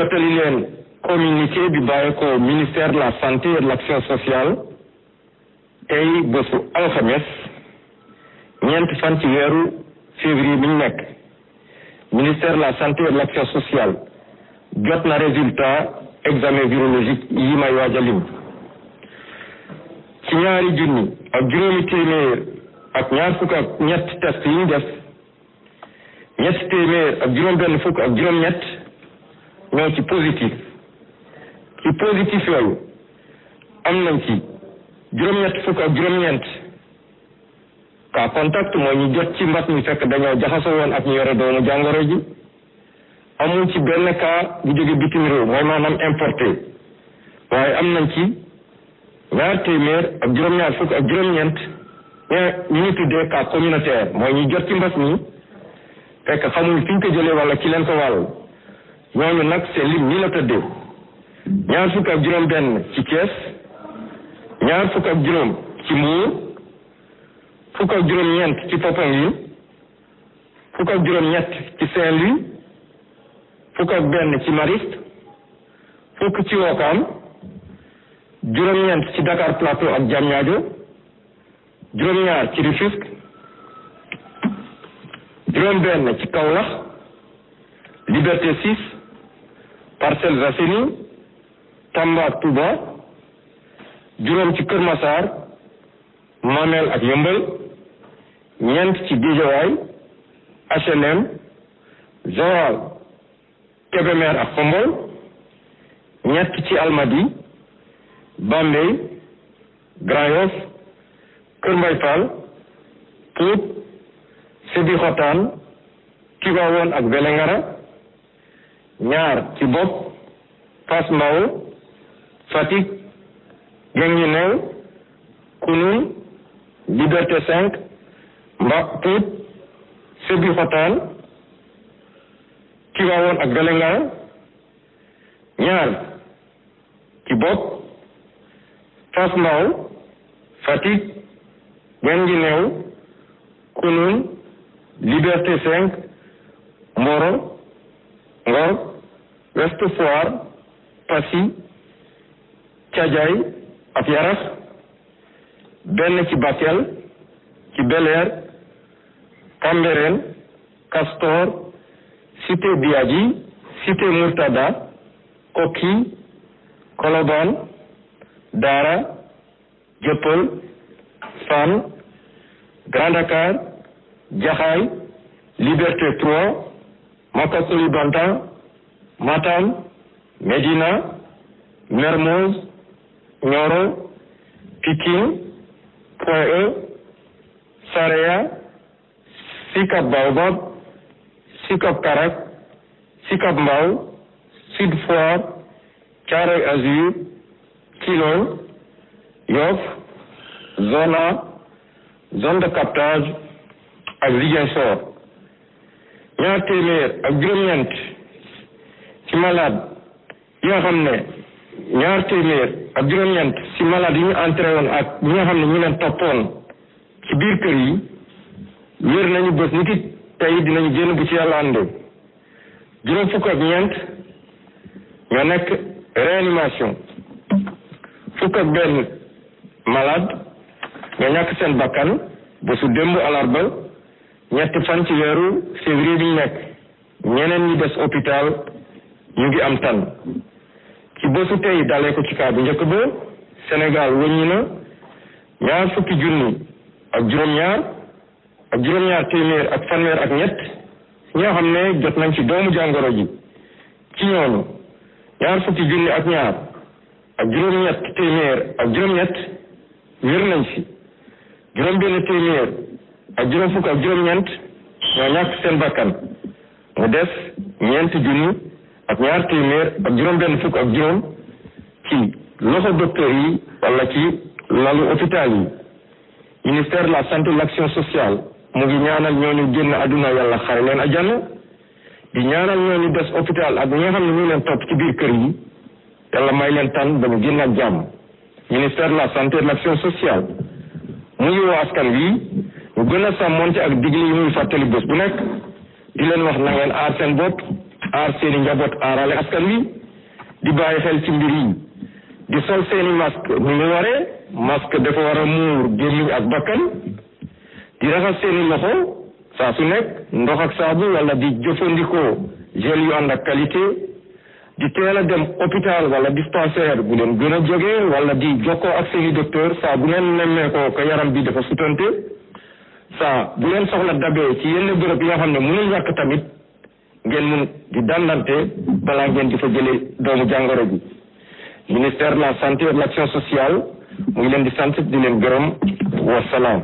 jottali leen communiqué bi bàyyi ko ministère de la santé et de l'action sociale tey bésu alxames ñeent fan ci weeru février bi nekk ministère de la santé et de l'action sociale jot na résultat examen virologique yi may waaj a lim ci ñaari junni ak juróomi téeméer ak ñaar fukk ak ñett test yi def ñetti téeméer ak juróom benn fukk ak juróom ñett mais ci positif ci positif yooyu am na ci juróom-ñett fukk ak juróom-ñeent contact mooy ñu jot ci mbas mi fekk dañoo jaxasoo woon ak ñu yore doomu jàngoro ji amul ci benn ka bu jóge bitim réew mooy maanaam importé waaye am nañ ci ñaar téeméer ak juróom-ñaar fukk ak juróom-ñeent ñu ñu tuddee cas communautaire mooy ñu jot ci mbas mi fekk xamul fi ñu ko jëlee wala ci leen wal ñooñu nag seen lim nii la tëddee ñaar fukk ak juróom-benn ci Thiès ñaar ak juróom ci Mbour ak juróom-ñeent ci Popenguine fukk ak juróom-ñett ci saint ak benn ci Mariste fukk ci Ouakam juróom-ñeent ci Dakar Plateau ak ñaar ci Rufisque juróom-benn ci Parcelles Assainies Tamba Touba juróom ci Kër Massar Mamel ak Yëmbal ñeent ci Guédiawaay HLM Joal Kébémer ak Xombol ñett ci Almadi Bambey Grand Kër Mbay Fall Pout Sébi ak Vélingara ñaar ci bopp fas mbaw Fatick Gàngi New Kunun Liberté 5 mba Pout Sébikotane Tivaouane ak Guelngaar ñaar ci bopp fas mbaw Fatick Kunun Liberté 5 Mboro Ngor Ouest Foire Passy Thiadiaye ak Yarax benn ci Bakel ci Bel Air Cambérène Murtada Koki Colobane Dara Dieuppeul Fann Grand Dakar Jaxaay Liberté 3 Makka Matam Médina Mermoz Nioro Pikine Point E Saraya Sicap Baobab Sicap Karak Sicap Mbao Sud Foire Thiaroye Azur Kilol Yoff Zone A zone de captage ak Ziguinchor ñaar téeméer ak juróom-ñeent ci malade yi nga xam ne ñaar téeméer ak juróom-ñeent si malade yi ñu entré woon ak ñi nga xam ne ñu leen toppoon ci biir kër yi wér nañu bés ni ki tey dinañu génn bu ci yàlla àndee juróom fukk ak ñeent ñoo nekk réanimation fukk ak benn malade ñoo ñàkk seen bakkan bésu démb alarba ñetti fan ci weeru février bi ñu nekk ñeneen ñi des hôpital ñu ngi am tan ci bésu tey dalee ko ci kaa njëkk ba Sénégal wëññi na ñaar fukki junni ak juróom-ñaar ak juróom ak fanweer ak ñett ñoo xam ne jot nañ ci doomu jàngoro ji ci ñooñu ñaar fukki junni ak ñaar ak juróom-ñett téeméer ak juróom-ñett wér nañ ci juróom-benn téeméer ak juróom ñeent ñoo ñàkk seen bakkan mu des ñeent junni ak ñaar téeméer ak juróom-benn fukk ak juróom ci loxo docteur yi wala ci lalu hôpital yi ministère de la santé l'action sociale mu ngi ñaanal ñooñu génn àdduna yàlla xare leen àjjana di ñaanal ñooñu des hôpital ak ñi nga xam ne ñu leen topp ci biir kër yi la may leen tànn ba mu génn ak jàmm ministère la santé et de sociale mu ngi woo askan wi ñu gën a sa sàmmonte ak digle yi muy fàttali bés bu nekk di leen wax na ngeen aar seen bopp aar seen i njaboot aarale askan wi di bàyyi xel ci mbir yi di sol seeni i masque ni mu waree masque dafa war a muur gémmiñ ak bakkan di raxas seeni i loxo saa su nekk ndox ak saabu wala di jëfandikoo gel yu ànd ak qualité di teel a dem hôpital wala dispensaire bu leen gën a jóge wala di jokkoo ak seeni i docteur saa bu ngeen nemmeekoo ko yaram bi dafa bu leen soxla dabee ci yenn bërëb yi nga xam ne mënul ñàkk tamit ngeen mun di dandante balaa ngeen di fa jëlee doomu jàngoro ji ministère de la santé et sociale mu ngi leen di sant di leen gërëm wasalaam